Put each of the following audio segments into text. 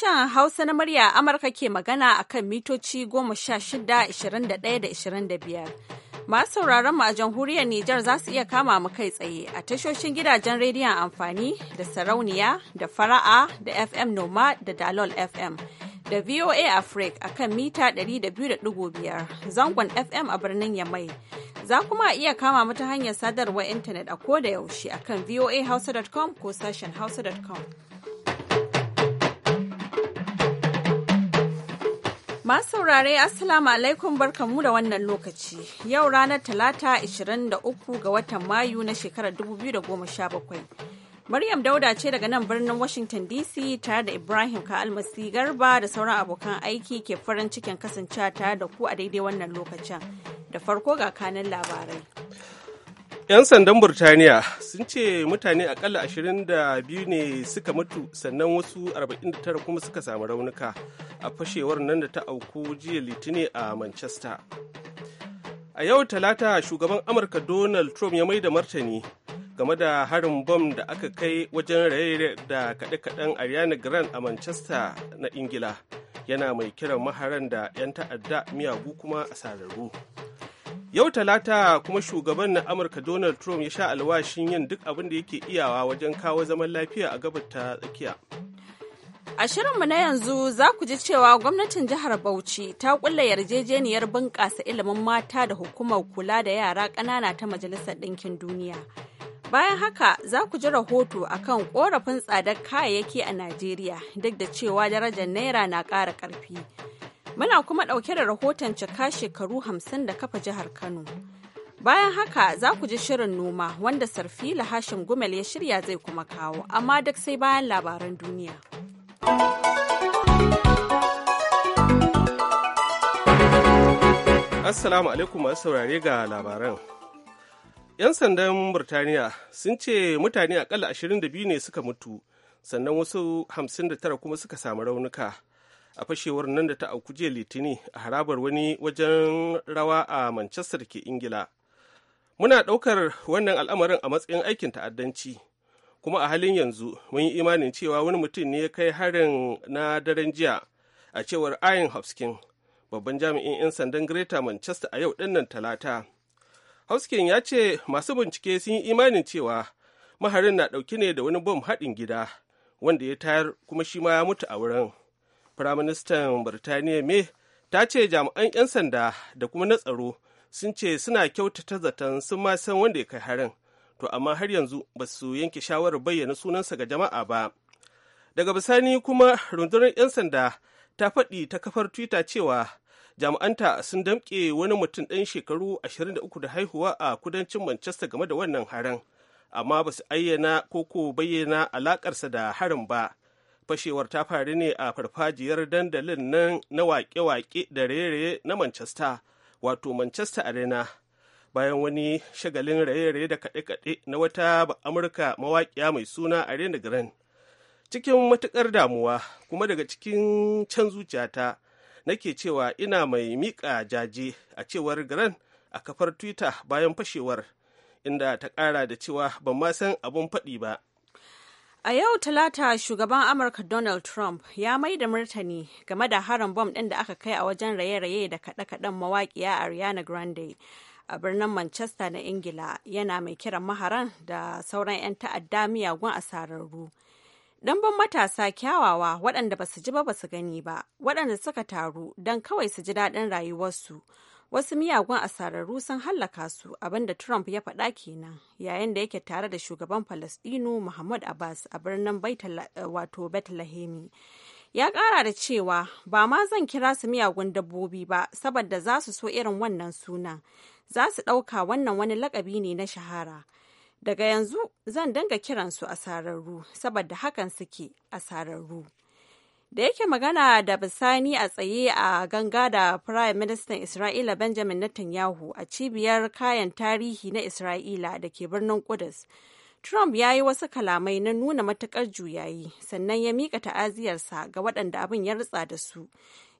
Sashen Hausa na murya Amurka ke magana a kan mitoci 16-21-25. Masu sauraron mu a jamhuriyar Nijar za su iya kama mu kai tsaye a tashoshin gidajen rediyon amfani da sarauniya da fara'a da FM Noma da Dalol FM. Da VOA Africa a kan mita 200.5 zangon FM a birnin Yamai. Za kuma iya kama mu ta hanyar sadarwar intanet a koda yaushe a kan voahausa.com ko sashen hausa.com. Masu saurare Assalamu alaikum barkanmu" da wannan lokaci. Yau ranar Talata 23 ga watan Mayu na shekarar 2017. Maryam Dauda ce daga nan birnin Washington DC tare da Ibrahim Ka'almasi Garba da sauran abokan aiki ke farin cikin kasancewa tare da ku a daidai wannan lokacin. Da farko ga kanan labarai. 'Yan sandan Burtaniya sun ce mutane akalla 22 ne suka mutu sannan wasu 49 kuma suka samu raunuka a fashewar nan da ta auku jiya litini a Manchester. A yau talata shugaban Amurka Donald Trump ya mai da martani game da harin bom da aka kai wajen raye da kaɗe-kaɗen Ariana Grande a Manchester na Ingila. Yana mai kiran maharan da 'yan ta'adda miyagu kuma a sararru. Yau Talata kuma shugaban na Amurka Donald Trump ya sha alwashin yin duk abin da yake iyawa wajen kawo zaman lafiya a gabar ta tsakiya. A shirinmu na yanzu za ku ji cewa gwamnatin jihar Bauchi ta kulla yarjejeniyar bunƙasa ilimin mata da hukumar kula da yara ƙanana ta Majalisar Ɗinkin Duniya. Bayan haka za ku ji rahoto akan korafin tsadar kayayyaki a Najeriya duk da cewa darajar Naira na ƙara ƙarfi. Muna kuma ɗauke da rahoton cika shekaru hamsin da kafa jihar Kano. Bayan haka za ku ji shirin noma wanda sarfi Hashim Gumel ya shirya zai kuma kawo, amma duk sai bayan labaran duniya. Assalamu alaikum masu saurare ga labaran. 'Yan sandan Burtaniya sun ce mutane akalla 22 ne suka mutu, sannan wasu 59 kuma suka samu raunuka. a fashewar nan da ta auku jiya litini a harabar wani wajen rawa a manchester ke ingila muna ɗaukar wannan al'amarin a matsayin aikin ta'addanci kuma a halin yanzu mun yi imanin cewa wani mutum ne ya kai harin na daren jiya a cewar ayin hopskin babban jami'in 'yan sandan greta manchester a yau dinnan talata hopskin ya ce masu bincike sun yi imanin cewa maharin na ɗauki ne da wani bom haɗin gida wanda ya tayar kuma shi ma ya mutu a wurin firaministan birtaniya me ta ce jami'an 'yan sanda da kuma na tsaro sun ce suna kyautata zaton sun ma san wanda ya kai harin to amma har yanzu ba su yanke shawarar bayyana sunansa ga jama'a ba daga bisani kuma rundunar 'yan sanda ta faɗi ta kafar twitter cewa jami'anta sun damƙe wani mutum ɗan shekaru 23 da haihuwa a kudancin manchester game da wannan harin amma ba su ayyana ko ko bayyana alakarsa da harin ba fashewar ta faru ne a farfajiyar dandalin nan na wake-wake da raye-raye na manchester wato manchester arena bayan wani shagalin raye-raye da kaɗe-kaɗe na wata amurka mawaƙiya mai suna arena grand cikin matuƙar damuwa kuma daga cikin can zuciyata nake cewa ina mai miƙa jaje a cewar grand a kafar twitter bayan fashewar inda ta ƙara da cewa ban ma san abin faɗi ba A yau Talata shugaban Amurka Donald Trump ya mai da martani game da harin bom ɗin da aka kai a wajen raye-raye da kaɗe-kaɗen mawaƙiya Ariana Grande a birnin Manchester na Ingila yana mai kiran maharan da sauran 'yan ta'adda miyagun asararru. Ɗanbin matasa kyawawa waɗanda ba su ji ba ba su gani ba, waɗanda suka taru don kawai su ji daɗin rayuwarsu. wasu miyagun asararru sun hallaka su abinda trump ya faɗa kenan yayin da yake tare da shugaban Falasɗinu muhammad abbas a birnin eh, wato bethlehem ya ƙara da cewa ba ma zan kira su miyagun dabbobi ba saboda za su so irin wannan sunan za su ɗauka wannan wani lakabi ne na shahara daga yanzu zan dinga kiransu asararru saboda hakan suke asararru da yake magana da bisani a tsaye a ganga da Prime Minister Isra'ila Benjamin Netanyahu a cibiyar kayan tarihi na Isra'ila da ke birnin Kudus. Trump ya yi wasu kalamai na nuna matukar juyayi sannan ya mika ta'aziyarsa ga waɗanda abin ya rutsa da su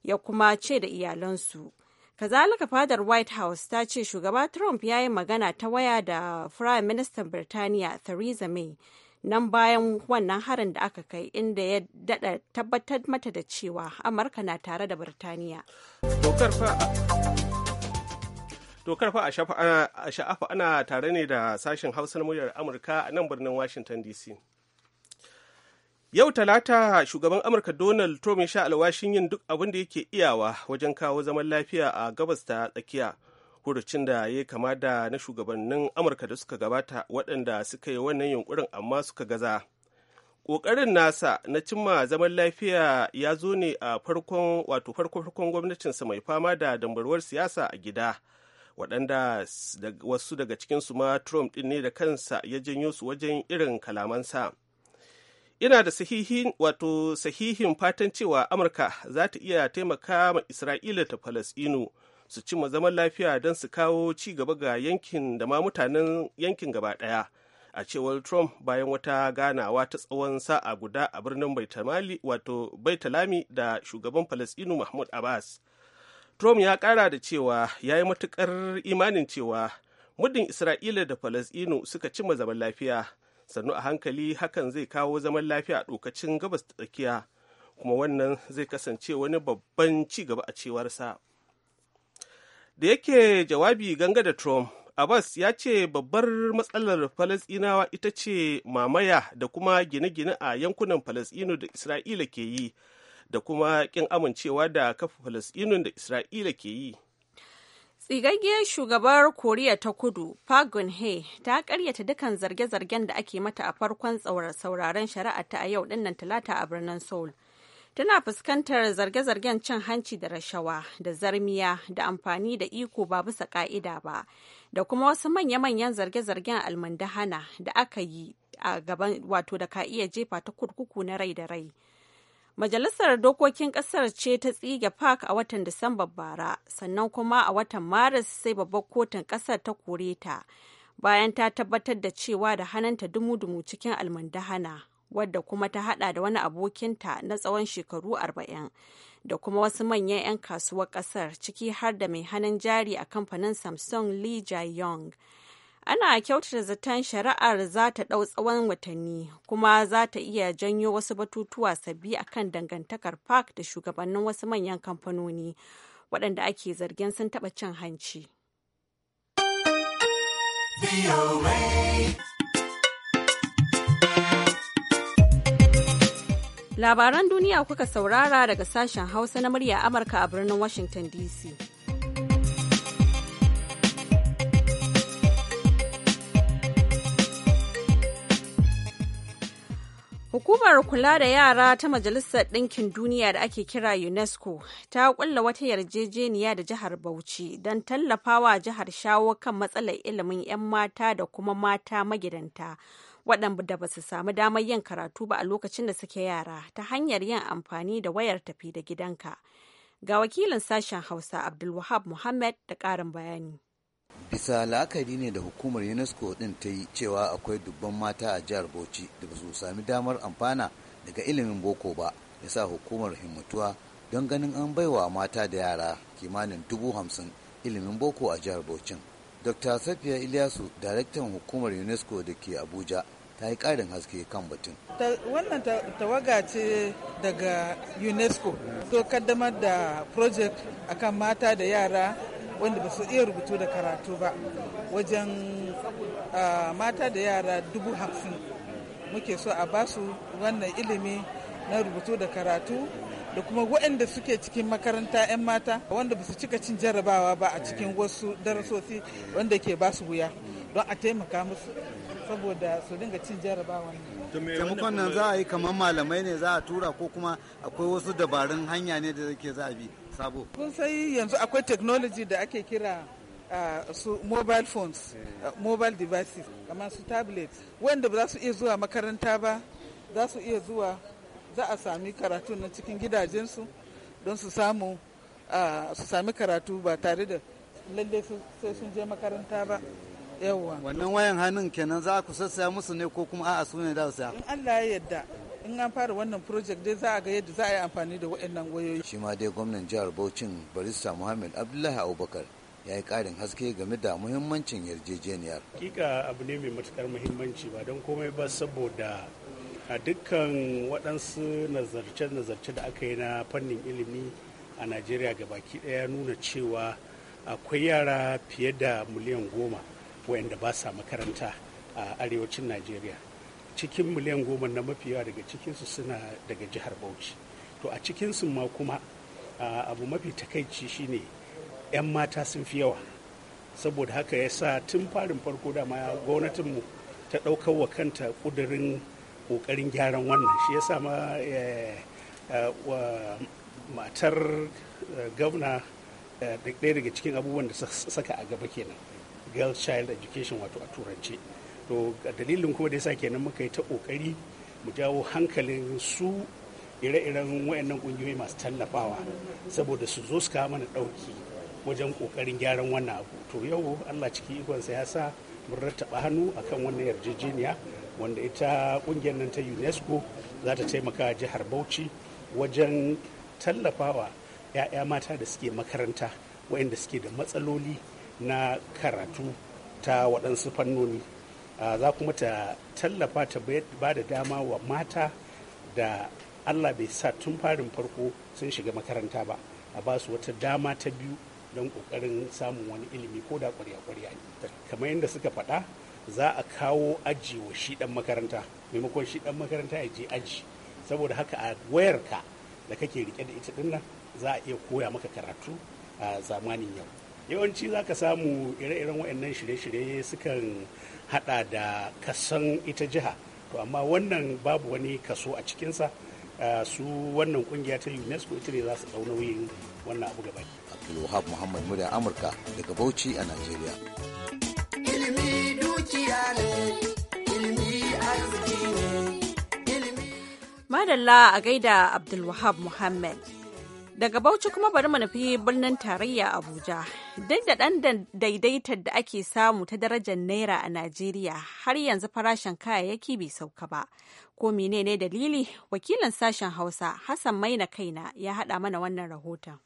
ya kuma ce da iyalansu. Kazalika fadar White House ta ce shugaba Trump ya yi magana ta waya da Prime Minister Birtaniya Theresa May nan bayan wannan harin da aka kai inda ya dada tabbatar mata da cewa amurka na tare da birtaniya dokar fa a sha'afa ana tare ne da sashen hausa na muryar amurka a nan birnin washington dc yau talata shugaban amurka donald trump ya sha alwashin yin duk abin da yake iyawa wajen kawo zaman lafiya a gabas ta tsakiya hurucin da ya kama da na shugabannin amurka da suka gabata waɗanda suka yi wannan yunkurin amma suka gaza ƙoƙarin nasa na cimma zaman lafiya ya zo ne a farkon wato farko farkon gwamnatinsa mai fama da dambarwar siyasa a gida waɗanda wasu daga cikinsu ma trump ɗin ne da kansa ya janyo su wajen irin kalamansa ina da sahihin wato sahihin fatan cewa amurka za ta iya taimaka ma isra'ila ta falasɗinu su cimma zaman lafiya don su kawo ci gaba ga yankin da ma mutanen yankin gaba ɗaya a cewar trump bayan wata ganawa ta tsawon sa'a guda a birnin baitamali wato baitalami da shugaban falasɗinu mahmud abbas trump ya ƙara da cewa ya yi matukar imanin cewa muddin isra'ila da falasɗinu suka cimma zaman lafiya sannu a hankali hakan zai kawo zaman lafiya a dokacin gabas ta tsakiya kuma wannan zai kasance wani babban ci gaba a cewarsa da yake jawabi ganga da trump abbas ya ce babbar matsalar falasɗinawa ita ce mamaya da kuma gine-gine a yankunan falasɗinu da isra'ila ke yi da kuma ƙin amincewa da kafa falasɗinun da isra'ila ke yi tsigaggiyar shugabar koriya ta kudu park geun ta karyata dukkan zarge-zargen da ake mata a farkon sauraren shari'a ta a yau dinnan talata a birnin seoul tana fuskantar zarge-zargen cin hanci da rashawa da zarmiya da amfani da iko ba bisa ka'ida ba da kuma wasu manya-manyan zarge-zargen almandahana da aka yi a gaban wato da ka iya jefa ta kurkuku na rai da rai majalisar dokokin kasar ce ta tsige park a watan Disambar bara sannan kuma a watan maris sai babbar kotun kasar ta kore ta bayan ta tabbatar da cewa da hananta dumu-dumu cikin almandahana wadda kuma ta hada da wani abokinta na tsawon shekaru arba'in da kuma wasu manyan 'yan kasuwar kasar ciki har da mai hannun jari a kamfanin samsung lee jae-yong ana kyautata zaton shari'ar za ta ɗau tsawon watanni kuma za ta iya janyo wasu batutuwa sabbi akan dangantakar park da shugabannin wasu manyan kamfanoni waɗanda ake zargin sun taɓa cin hanci. Labaran duniya kuka saurara daga sashen Hausa na murya Amurka a birnin Washington DC. Hukumar kula da yara ta Majalisar Ɗinkin Duniya da ake kira UNESCO ta ƙulla wata yarjejeniya da jihar Bauchi don tallafawa jihar shawo kan matsalar ilimin 'yan mata da kuma mata magidanta. waɗanda ba su samu damar yin karatu ba a lokacin da suke yara ta hanyar yin amfani da wayar tafi da gidanka. Ga wakilin sashen Hausa Abdulwahab Muhammad da ƙarin bayani. bisa la'akari ne da hukumar unesco din ta yi cewa akwai dubban mata a jihar bauchi da ba su sami damar amfana daga ilimin boko ba ya sa hukumar himmatuwa don ganin an baiwa mata da yara kimanin dubu hamsin ilimin boko a jihar bauchin dr safiya ilyasu daraktan hukumar unesco da ke abuja ta yi ƙarin haske kan batun. Wannan tawaga ce daga UNESCO to kaddamar da project akan mata da yara wanda ba su iya rubutu da karatu ba wajen mata da yara dubu hamsin muke so a basu wannan ilimi na rubutu da karatu da kuma waɗanda suke cikin makaranta 'yan mata wanda ba su cika cin jarabawa ba a cikin wasu darasosi wanda ke ba su wuya don a taimaka musu saboda su dinga cin jarabawa taimakon nan za a yi kamar malamai ne za a tura ko kuma akwai wasu dabarun hanya ne da ke za a bi sabo kun sai yanzu akwai technology da ake kira su mobile phones mobile devices kamar su tablet wanda ba za su iya zuwa makaranta ba za su iya zuwa za a sami karatu na cikin gidajensu don su samu su sami karatu ba tare da lalle sai sun je makaranta ba yawwa wannan wayan hannun kenan za ku sassaya musu ne ko kuma a'a su ne da su in Allah ya yarda in an fara wannan project dai za a ga yadda za a yi amfani da waɗannan wayoyi shi ma dai gwamnan jihar Bauchin barista Muhammad Abdullahi Abubakar ya yi ƙarin haske game da muhimmancin yarjejeniyar. Kika abu ne mai matukar muhimmanci ba don komai ba saboda a dukkan waɗansu nazarce-nazarce da aka yi na fannin ilimi a najeriya baki ɗaya nuna cewa akwai yara fiye da miliyan goma wayanda ba sa makaranta a arewacin najeriya cikin miliyan goma na mafi yawa daga cikinsu suna daga jihar bauchi to a cikinsu ma kuma abu mafi takaici shine 'yan mata sun fi yawa saboda haka ya sa tun farin farko dama gwamnatinmu ta ɗaukar wa kanta ƙudurin kokarin gyaran wannan shi ya ma eh, eh, matar eh, gwamna ɗaya daga cikin abubuwan da saka a gaba kenan girl child education wato a turanci to dalilin kuma da ya sa kenan muka yi ta ƙoƙari mu jawo hankalin su ire-iren wayannan ƙungiyoyi masu tallafawa saboda su zo su kawo mana ɗauki wajen ƙoƙarin gyaran wannan abu to yau allah ciki ikonsa ya sa mun rattaba hannu akan wannan yarjejeniya wanda ita kungiyar nan ta unesco za ta taimaka jihar bauchi wajen tallafawa 'ya'ya mata da suke makaranta waɗanda suke da matsaloli na karatu ta waɗansu fannoni za kuma ta tallafa ta ba da dama wa mata da allah bai sa tun farin farko sun shiga makaranta ba a ba su wata dama ta biyu don ƙoƙarin samun wani ilimi ko da ƙwarya-ƙwarya kamar yadda suka faɗa za a kawo aji wa shi dan makaranta maimakon shi dan makaranta ya je aji saboda haka a wayarka da kake rike da ita dinnan za a iya koya maka karatu a zamanin yau yawanci za ka samu ire-iren waɗannan shirye-shirye sukan hada da kasan ita jiha to amma wannan babu wani kaso a cikinsa su wannan kungiya ta unesco ita ne za su ɗau nauyin wannan abu gaba abdulwahab muhammad muda amurka daga bauchi a najeriya ne madalla a gaida abdulwahab muhammad daga bauchi kuma bari mu nufi birnin tarayya abuja duk da ɗan daidaitar da ake samu ta darajar naira a najeriya har yanzu farashin kayayyaki bai sauka ba ko menene dalili wakilin sashen hausa hassan maina kaina ya haɗa mana wannan rahoton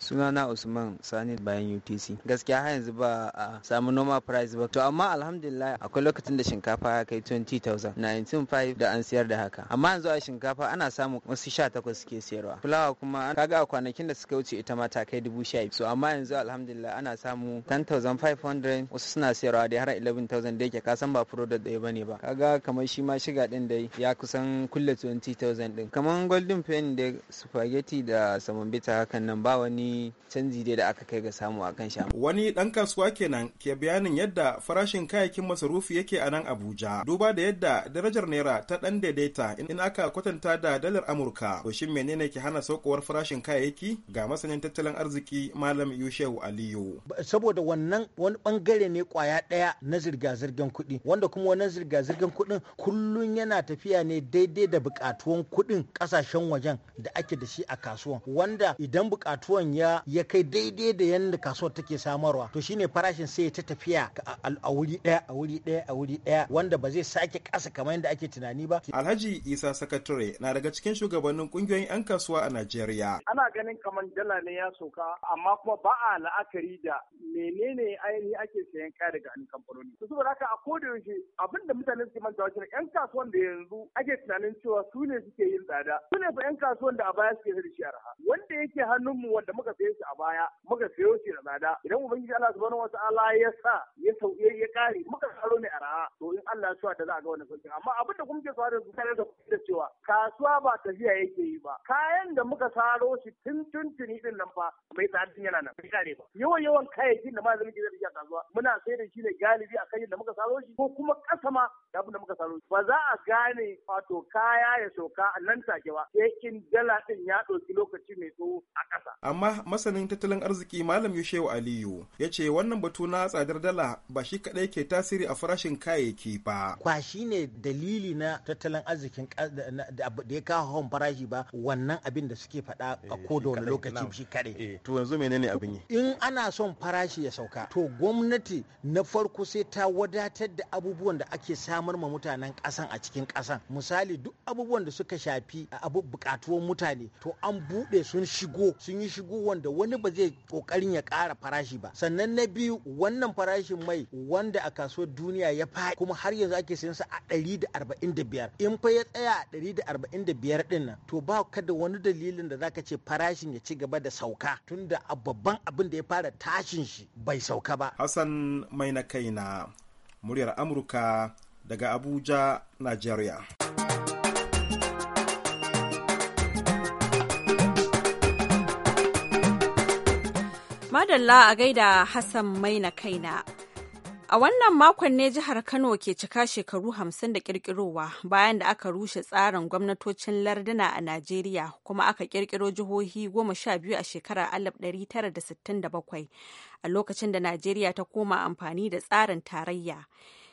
Suna na usman sani bayan utc gaskiya har yanzu ba a samu normal price ba to amma alhamdulillah akwai lokacin da shinkafa ya kai 20000 19.5 da an siyar da haka amma yanzu a shinkafa ana samu wasu sha takwas suke siyarwa fulawa kuma kaga a kwanakin da suka wuce ita ma ta kai dubu sha so amma yanzu alhamdulillah ana samu 10500 wasu suna siyarwa da har 11000 da yake san ba product ɗaya bane ba kaga kamar shi ma shiga din dai ya kusan kulle 20000 din kamar golden penny da spaghetti da samambita hakan nan ba wani canji dai da aka kai ga samu a kan sham. Wani ɗan kasuwa kenan ke bayanin yadda farashin kayayyakin masarufi yake a nan Abuja. Duba da yadda darajar naira ta ɗan daidaita in aka kwatanta da dalar Amurka. To shin menene ke hana saukowar farashin kayayyaki ga masanin tattalin arziki Malam Yushehu Aliyu. Saboda wannan wani bangare ne kwaya ɗaya na zirga-zirgar kuɗi wanda kuma wannan zirga-zirgar kuɗin kullum yana tafiya ne daidai da buƙatuwan kuɗin ƙasashen wajen da ake da shi a kasuwan wanda idan buƙatuwan ya ya kai daidai da yadda kasuwar take samarwa to shine farashin sai ta tafiya a wuri daya a wuri daya a wuri daya wanda ba zai sake kasa kamar yadda ake tunani ba Alhaji Isa Sakatare na daga cikin shugabannin kungiyoyin 'yan kasuwa a Najeriya ana ganin kamar dala ne ya sauka amma kuma ba a la'akari da menene ainihi ake sayan kaya daga hannun kamfanoni to saboda haka a koda yaushe abin da mutane suke manta wajen 'yan kasuwan da yanzu ake tunanin cewa su ne suke yin tsada su ne fa 'yan kasuwan da a baya suke da shi arha wanda yake hannunmu wanda muka muka saye shi a baya muka sayo shi da tsada idan ubangiji Allah subhanahu wata'ala ya sa ya sauke ya kare muka karo ne a ra'a. to in Allah ya da za a ga wannan sauki amma abin da kuma ke so da tare da da cewa kasuwa ba tafiya yake yi ba kayan da muka saro shi tun tuntuni din nan fa mai tsadin yana nan bai kare ba yawan yawan kayayyakin da malamin ke da kasuwa muna sai da shi ne galibi a kan da muka saro shi ko kuma kasa ma da abin da muka saro shi ba za a gane wato kaya ya sauka nan take ba sai in dala din ya ɗauki lokaci mai tsawo amma masanin tattalin arziki malam yushewu aliyu ya ce wannan batu na tsadar dala ba shi kadai ke tasiri a farashin kayayyaki ba kwashi ne dalili na tattalin arzikin da ya kawo hawan farashi ba wannan abin da suke faɗa a eh, koda wani lokaci shi kadai eh, to yanzu menene abin yi in ana son farashi ya sauka to gwamnati na farko sai ta wadatar da abubuwan da ake samar ma mutanen ƙasan a cikin kasan misali duk abubuwan da suka shafi abu bukatuwan mutane to an buɗe sun shigo sun yi shigo wanda wani ba zai kokarin ya kara farashi ba sannan na biyu wannan farashin mai wanda a kasuwar duniya ya faɗi kuma har yanzu ake sayan sa a 145 in fa ya tsaya a 145 din nan to ba ka da wani dalilin da zaka ce farashin ya ci gaba da sauka tunda a babban abin da ya fara tashin shi bai sauka ba Hassan mai na kaina muryar Amurka daga Abuja Nigeria madalla a gaida Hassan Maina kaina. A wannan makon ne jihar Kano ke cika shekaru hamsin da kirkirowa bayan da aka rushe tsarin gwamnatocin larduna a Najeriya kuma aka kirkiro jihohi goma sha biyu a shekarar bakwai, a lokacin da Najeriya ta koma amfani da tsarin tarayya.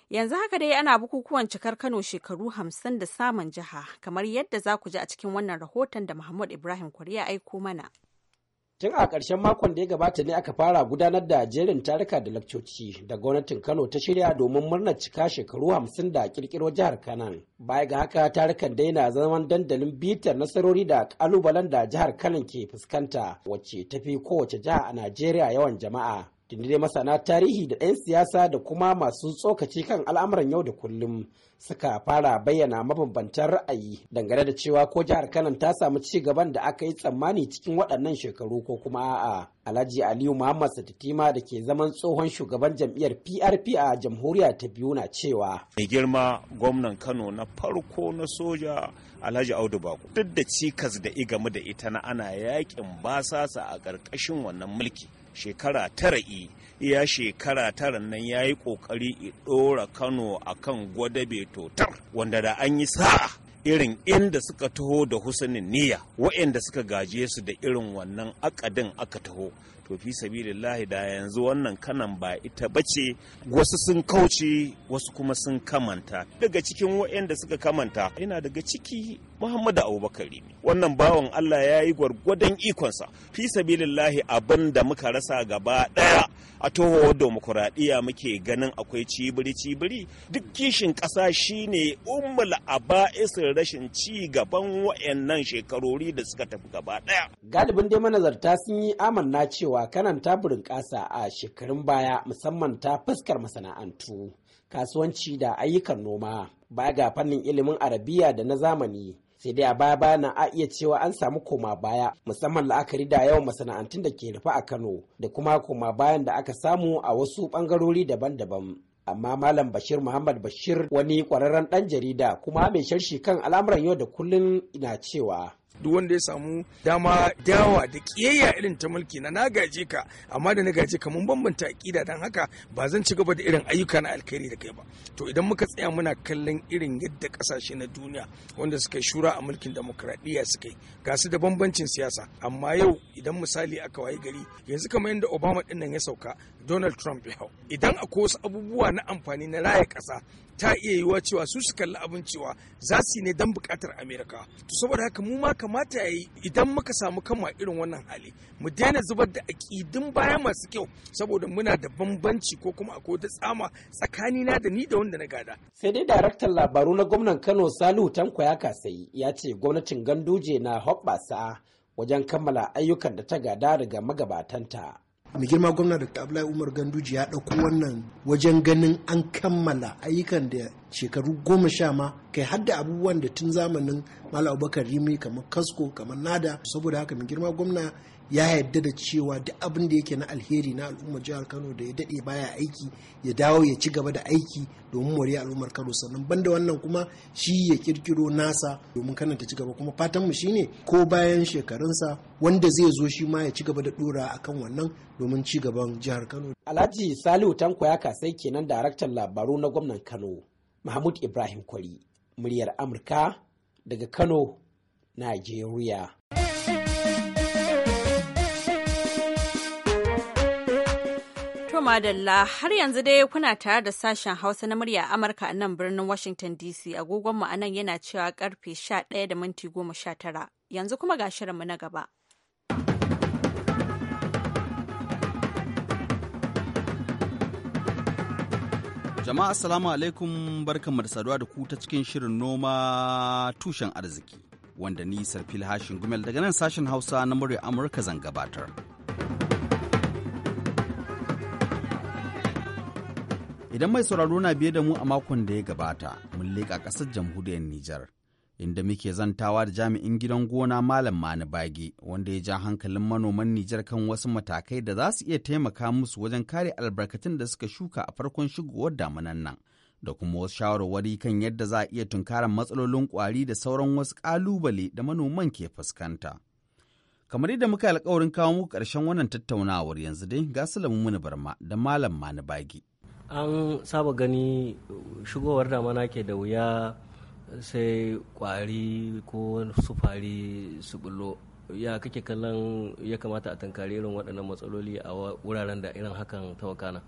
Yanzu haka dai ana bukukuwan cikar Kano shekaru hamsin da samun jiha kamar yadda za ku ji a cikin wannan rahoton da Muhammad Ibrahim Kwari ya aiko mana. tun a ƙarshen makon da ya gabata ne aka fara gudanar da jerin tarika da lakcoci da gwamnatin kano ta shirya domin murnar cika shekaru hamsin da kirkiro jihar kanan baya ga haka tarikan dai na zaman dandalin bitar nasarori da kalubalen da jihar kanan ke fuskanta wacce tafi kowace jiha a najeriya yawan jama'a dai masana tarihi da 'yan siyasa da kuma masu tsokaci kan al'amuran yau da kullum suka fara bayyana mabambantan ra'ayi dangane da cewa ko jihar kano ta samu ci gaban da aka yi tsammani cikin waɗannan shekaru ko kuma a'a alhaji aliyu muhammad satitima da ke zaman tsohon shugaban jam'iyyar prp a jamhuriya ta biyu na cewa mai girma gwamnan kano na farko na soja alhaji audu bako duk da cikas da igamu da ita na ana yakin basasa a ƙarƙashin wannan mulki shekara tara'i iya shekara tara nan ya yi ƙoƙari i ɗora kano a kan gwadabe totar wanda da an yi sa'a irin inda suka taho da husanin niyya waɗanda suka gaje su da irin wannan akadin aka taho to fi sabilillahi da yanzu wannan kanan ba ita bace wasu sun kauce wasu kuma sun kamanta daga cikin waɗanda suka kamanta ina daga ciki muhammadu abubakari wannan bawan allah ya yi gwargwadon ikonsa fi sabilillahi abin da muka rasa gaba ɗaya a tohowar demokuraɗiyya muke ganin akwai cibiri-cibiri duk kishin ƙasa shine ummul aba'isin rashin ci gaban wa'annan shekarori da suka tafi gaba ɗaya. Galibin dai manazarta sun yi amanna cewa kanan ta ƙasa a shekarun baya musamman ta fuskar masana'antu, kasuwanci da ayyukan noma. Baya ga fannin ilimin arabiya da na zamani sai dai a baya baya na a iya cewa an samu koma baya musamman la'akari da yawan masana'antun da ke rufe a kano da kuma koma bayan da aka samu a wasu bangarori daban-daban amma malam bashir muhammad bashir wani kwararren dan jarida kuma mai sharshi kan al'amuran yau da kullun na cewa duk wanda ya samu dama dawa da kiyayya irin ta mulki na na gaje ka amma da na gaje ka mun bambanta aƙida don haka ba zan ci gaba da irin ayyuka na alkhairi da kai ba to idan muka tsaya muna kallon irin yadda ƙasashe na duniya wanda suka shura a mulkin demokradiyya suka yi ga su da bambancin siyasa amma yau idan misali aka wayi gari yanzu kamar yadda obama ɗinnan ya sauka donald trump ya hau idan akwai wasu abubuwa na amfani na raya ƙasa ta iya yiwuwa cewa su su kalli abin cewa za su yi ne don buƙatar amerika to saboda haka mu ma kamata ya yi idan muka samu kanmu irin wannan hali mu daina zubar da aƙidun baya masu kyau saboda muna da bambanci ko kuma akwai wata tsama tsakanina da ni da wanda na gada sai dai daraktan labaru na gwamnan kano salihu tanko ya kasayi ya ce gwamnatin ganduje na hoɓɓasa wajen kammala ayyukan da ta gada daga magabatanta mai girma gwamna dr abdullahi umar ganduji ya ɗauko wannan wajen ganin an kammala ayyukan da shekaru goma sha ma kai hadda abubuwan da tun zamanin malam abubakar rimi kamar kasko kamar nada saboda haka mai girma gwamna ya yarda da cewa duk abin da yake na alheri na al'ummar jihar kano da ya daɗe baya aiki ya dawo ya ci gaba da aiki domin moriya al'ummar kano sannan banda wannan kuma shi ya kirkiro nasa domin kana ta ci gaba kuma fatanmu shine ko bayan shekarunsa wanda zai zo shi ma ya ci gaba da dora akan wannan domin ci gaban jihar kano alhaji salihu tanko ya kasai kenan daraktan labaru na gwamnan kano mahmud ibrahim kwari muryar amurka daga kano najeriya madalla har yanzu dai kuna tare da sashen Hausa na murya Amurka a nan birnin Washington DC agogon mu nan yana cewa karfe 11 da minti 19 yanzu kuma ga shirinmu na gaba. Jama'a assalamu alaikum barkanmu da saduwa da ku ta cikin shirin noma tushen arziki wanda ni Sarfil Hashin Gumel daga nan sashen Hausa na murya Amurka zan gabatar. Idan mai sauraro na biye da mu a makon da ya gabata, mun leƙa ƙasar jamhuriyar Nijar, inda muke zantawa da jami'in gidan gona Malam Mani Bage, wanda ya ja hankalin manoman Nijar kan wasu matakai da za su iya taimaka musu wajen kare albarkatun da suka shuka a farkon shigowar damunan nan, da kuma wasu shawarwari kan yadda za a iya tunkarar matsalolin kwari da sauran wasu ƙalubale da manoman ke fuskanta. Kamar yadda muka alƙawarin kawo muku ƙarshen wannan tattaunawar yanzu dai ga Sulaimu mani Barma da Malam Mani Bage. an saba gani shigowar damana ke da wuya sai kwari ko su fari su bullo ya kake kallon ya kamata a tankari irin waɗannan matsaloli a wuraren da irin hakan ta wakana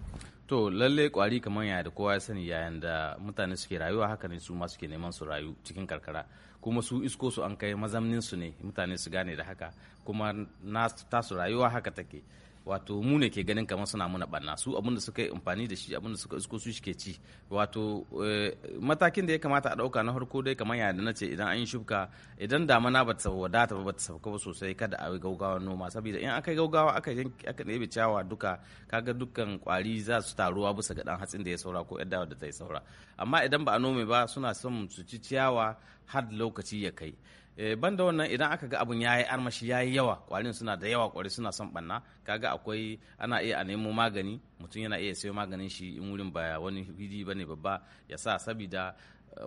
to lalle kwari kamar yaya da kowa ya sani yayin da mutane suke rayuwa haka ne su ma suke neman su rayu cikin karkara kuma su isko su an kai mazamnin su ne mutane su gane da haka kuma na tasu rayuwa haka take wato mu ne ke ganin kamar suna muna barna su abin da suka yi amfani da shi abin da suka isko su suke ci wato eh, matakin da ya kamata a ɗauka na harko dai kamar yadda na ce idan an yi shuka idan damana ba ta wadata ba ta sauka ba sosai kada a yi gaugawa noma saboda in aka yi gaugawa aka aka ɗebe ciyawa duka kaga dukkan kwari za su taruwa bisa ga dan hatsin da ya saura ko yadda da ta yi saura amma idan ba a nome ba suna son su ci ciyawa har lokaci ya kai Eh, ban da wannan idan aka ga abun yi armashi yayi yawa kwarin suna da yawa kwari suna son banna kaga akwai ana iya a nemo magani mutum yana iya sayo maganin shi in wurin ba wani hidi ne babba ya sa sabida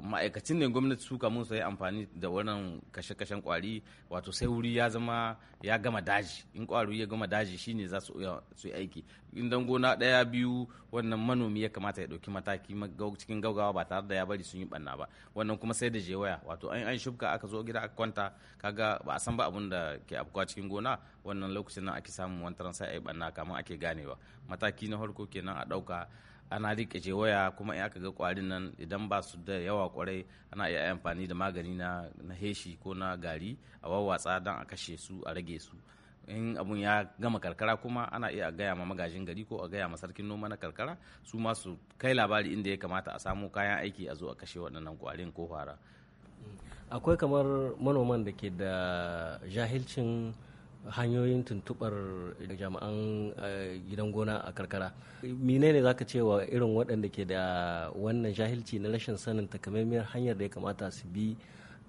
ma'aikacin ne gwamnati su mun sai yi amfani da wannan kashe-kashen kwari wato sai wuri ya zama ya gama daji in kwari ya gama daji shine za su yi aiki in gona daya biyu wannan manomi ya kamata ya dauki mataki cikin gaugawa ba tare da ya bari sun yi banna ba wannan kuma sai da jewaya wato an an shubka aka zo gida aka kwanta kaga ba a san ba abun da ke afkuwa cikin gona wannan lokacin nan ake samun wantaran sai a yi banna kamar ake ganewa mataki na farko kenan a dauka ana riƙe waya kuma in aka ga kwarin nan idan ba su da yawa kwarai ana iya amfani da magani na, na heshi ko na gari a wawwatsa don a kashe su a rage su in abun ya gama karkara kuma ana iya a gaya ma magajin gari ko a gaya ma sarkin noma na karkara su masu kai labari inda ya kamata a samu kayan aiki a zo a kashe waɗannan kwarin ko fara akwai kamar manoman da ke da jahilcin hanyoyin tuntubar jami'an eh, gidan gona a karkara menene zaka ce wa irin waɗanda ke da wannan jahilci na rashin sanin takamaimiyar hanyar da ya kamata su bi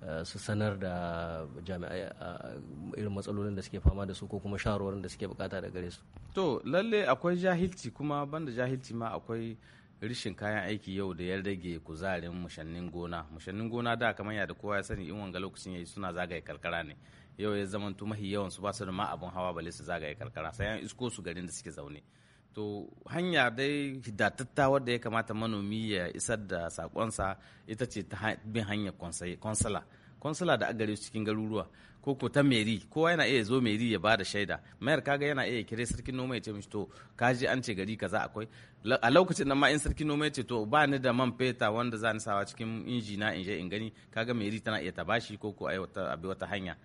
eh, su sanar da jami'ai eh, irin matsalolin da suke fama da su ko kuma shawarwarin da suke bukata da gare su to lalle akwai jahilci kuma banda jahilci ma akwai rishin kayan aiki yau da ya rage kuzarin mushannin gona mushannin gona da kamar yadda kowa ya sani in wanga lokacin yayi suna zagaye karkara ne yau ya zama tu mahi yawan su ba su da ma abun hawa bale su zagaye karkara sai an isko su garin da suke zaune to hanya dai hidatatta wadda ya kamata manomi ya isar da sakonsa ita ce ta bin hanyar konsala konsala da agare cikin garuruwa ko ko ta meri kowa yana iya zo meri ya bada shaida mayar kaga yana iya kire sarkin noma ya ce mishi to kaji an ce gari kaza akwai a lokacin nan ma in sarkin noma ya ce to ba ni da man feta wanda za ni sawa cikin injina in je in gani kaga meri tana iya ta bashi ko ko a bi wata hanya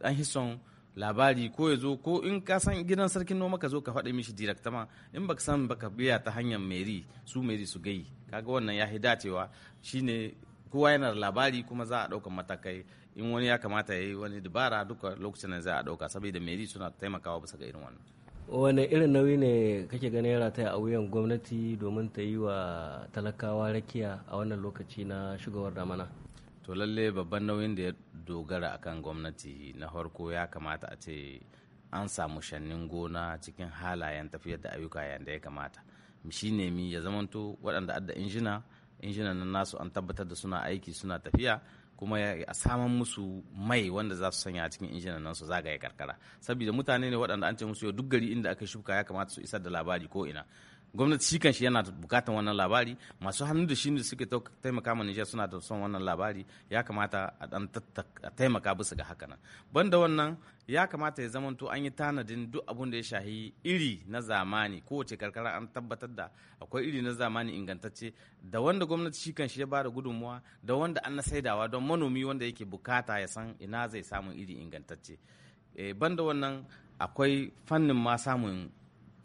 an hi labari ko ya zo ko in ka san gidan sarkin noma ka zo ka faɗi mishi ma in baka san baka biya ta hanyar meri su meri su gai kaga wannan ya hi dacewa shine kowa yana da labari kuma za a ɗaukar matakai in wani ya kamata ya yi wani dabara duka lokacin da za a ɗauka saboda meri suna taimakawa bisa ga irin wannan wani irin nauyi ne kake ganin yara ta a wuyan gwamnati domin ta yi wa talakawa rakiya a wannan lokaci na shugabar damana to lalle babban nauyin da ya dogara a kan gwamnati na farko ya kamata a ce an samu shannin gona cikin halayen tafiyar da ayyuka yadda ya kamata shi ne mi ya zamanto waɗanda adda injina injinan nan nasu an tabbatar da suna aiki suna tafiya kuma a saman musu mai wanda za su sanya cikin injinan nan su zagaye karkara saboda mutane ne waɗanda an ce musu yau duk gari inda aka shuka ya kamata su isar da labari ko ina gwamnati shi kanshi yana bukatan wannan labari masu hannu da shi ne suke taimaka ma Nijar suna da son wannan labari ya kamata a dan taimaka bisa ga haka nan banda wannan ya kamata ya zamanto an yi tanadin duk abun da ya shahi iri na zamani kowace karkara an tabbatar da akwai iri na zamani ingantacce da wanda gwamnati shi kanshi ya bada gudunmuwa da wanda an saidawa don manomi wanda yake bukata ya san ina zai samu iri ingantacce eh, banda wannan akwai fannin ma samun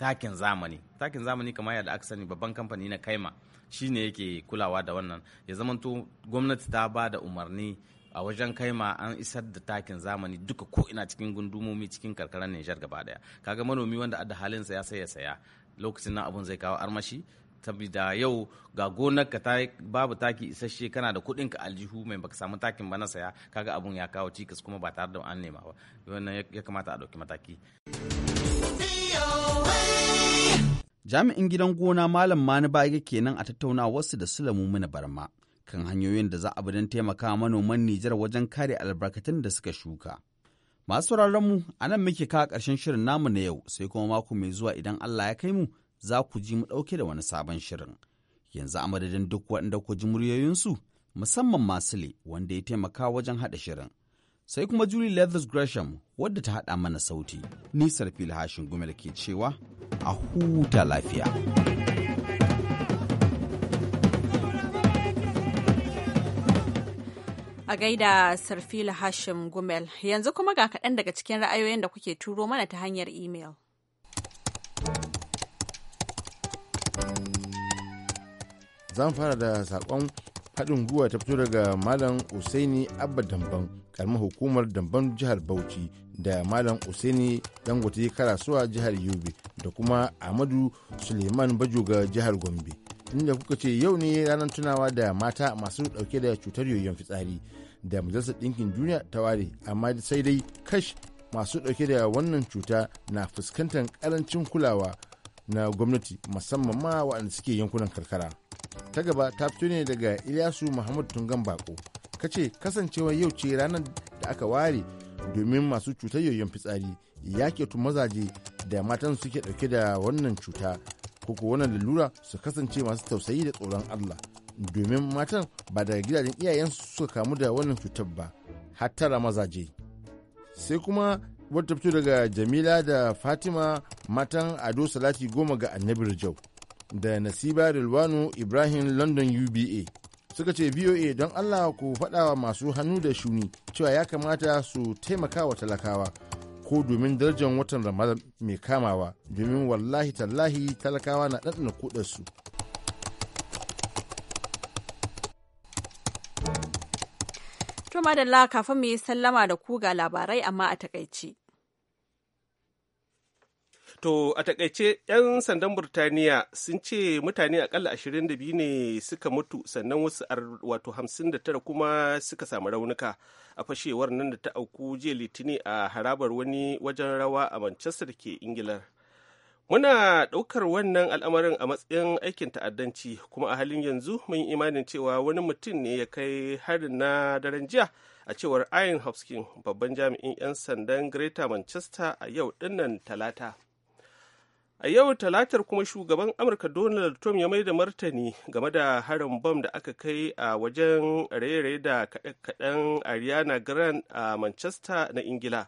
takin zamani takin zamani kamar yadda aka sani babban kamfani na kaima shine yake kulawa da wannan ya zamanto gwamnati ta ba da umarni a wajen kaima an isar da takin zamani duka ko ina cikin gundumomi cikin karkarar nijar gaba daya kaga manomi wanda adda halinsa ya saya saya lokacin nan abun zai kawo armashi saboda yau ga gonarka ta babu taki isasshe kana da kuɗin ka aljihu mai baka samu takin ba na saya kaga abun ya kawo cikas kuma ba tare da an nema ba wannan ya kamata a ɗauki mataki. Jami'in gidan gona Malam Mani Bage kenan a tattauna wasu da Sulamu mana Barma kan hanyoyin da za a bi don taimaka manoman Nijar wajen kare albarkatun da suka shuka. Masu mu a nan muke kawo ƙarshen shirin namu na yau sai kuma mako mai zuwa idan Allah ya kai mu za ku ji mu ɗauke da wani sabon shirin. Yanzu a madadin duk waɗanda ku ji muryoyinsu musamman masule wanda ya taimaka wajen haɗa shirin. sai kuma Julie Leathers Gresham wadda ta haɗa mana sauti. Nisar filhashin gumel ke cewa a huta lafiya. A gaida Sarfila Hashim Gumel, yanzu kuma ga kaɗan daga cikin ra'ayoyin da kuke turo mana ta hanyar imel. Zan fara da saƙon haɗin gwiwa ta fito daga malam usaini abba damban karamin hukumar damban jihar bauchi da malam usaini dangote karasuwa jihar yobe da kuma amadu suleiman ga jihar gombe inda kuka ce yau ne ranar tunawa da mata masu ɗauke da cutar yoyon fitsari da majalisar ɗinkin duniya ta ware amma sai dai kash masu ɗauke da wannan cuta na fuskantar ƙarancin kulawa na gwamnati musamman ma waɗanda suke yankunan karkara ta gaba ta fito ne daga ilyasu muhammad tungan bako ka ce kasancewa yau ce ranar da aka ware domin masu cutar yoyon fitsari ya ketu mazaje da matan suke dauke da wannan cuta ko ko wannan lalura su kasance masu tausayi da tsoron allah domin matan ba daga gidajen iyayensu suka kamu da wannan cutar ba hattara mazaje sai kuma wata fito daga jamila da fatima matan ado salati goma ga annabi rijau da nasiba rilwanu ibrahim london uba suka ce boa don allah ku faɗawa masu hannu da shuni cewa ya kamata su taimaka wa talakawa ko domin darajar watan ramadan mai kamawa domin wallahi tallahi talakawa na ɗanɗana kudarsu To la kafin mu yi sallama da ku ga labarai amma a takaici. To a takaice 'yan sandan Burtaniya sun ce mutane akalla 22 ne suka mutu sannan wasu wato 59 kuma suka samu raunuka a fashewar nan da ta auku jiya litini a harabar wani wajen rawa a Manchester ke Ingila. Muna ɗaukar wannan al'amarin a matsayin aikin ta'addanci kuma a halin yanzu mun imanin cewa wani mutum ne ya kai harin na daren jiya a cewar Ian Hopkins babban jami'in 'yan sandan Greater Manchester a yau ɗinnan talata. a yau talatar kuma shugaban amurka donald trump ya mai da martani game da harin bom da aka kai a wajen raye-raye da kaɗe-kaɗen ariana grand a manchester na ingila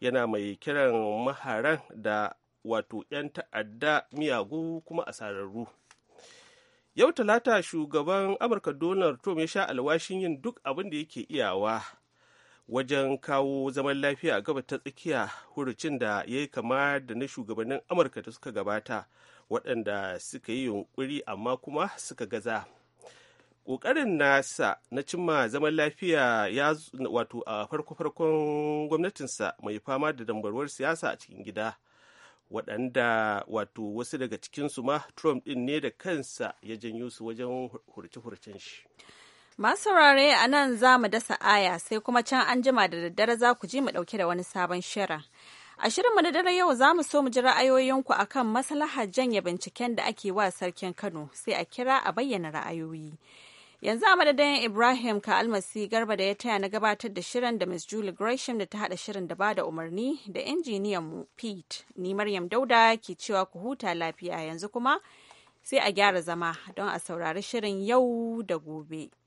yana mai kiran maharan da wato 'yan ta'adda miyagu kuma a asararru yau talata shugaban amurka donald trump ya sha alwashin yin duk abin da yake iyawa wajen kawo zaman lafiya a gabatar ta tsakiya hurucin da ya yi kama da na shugabannin amurka da suka gabata waɗanda suka yi yunkuri amma kuma suka gaza ƙoƙarin nasa na cimma zaman lafiya ya wato a farko-farkon gwamnatinsa mai fama da dambarwar siyasa a cikin gida waɗanda wato wasu daga cikinsu ma trump ɗin ne da kansa ya janyo su wajen hurce-hurcen shi Masu a nan za mu dasa aya sai kuma can an jima da daddare za ku ji mu ɗauke da wani sabon shirin. A shirinmu da dare yau za mu so mu ji ra'ayoyinku a kan maslahar janye binciken da ake wa sarkin Kano sai a kira a bayyana ra'ayoyi. Yanzu a madadin Ibrahim ka almasi garba da ya taya na gabatar da shirin da Miss Julie Gresham da ta haɗa shirin da ba da umarni da injiniyan mu Pete. Ni Maryam Dauda ke cewa ku huta lafiya yanzu kuma sai a gyara zama don a saurari shirin yau da gobe.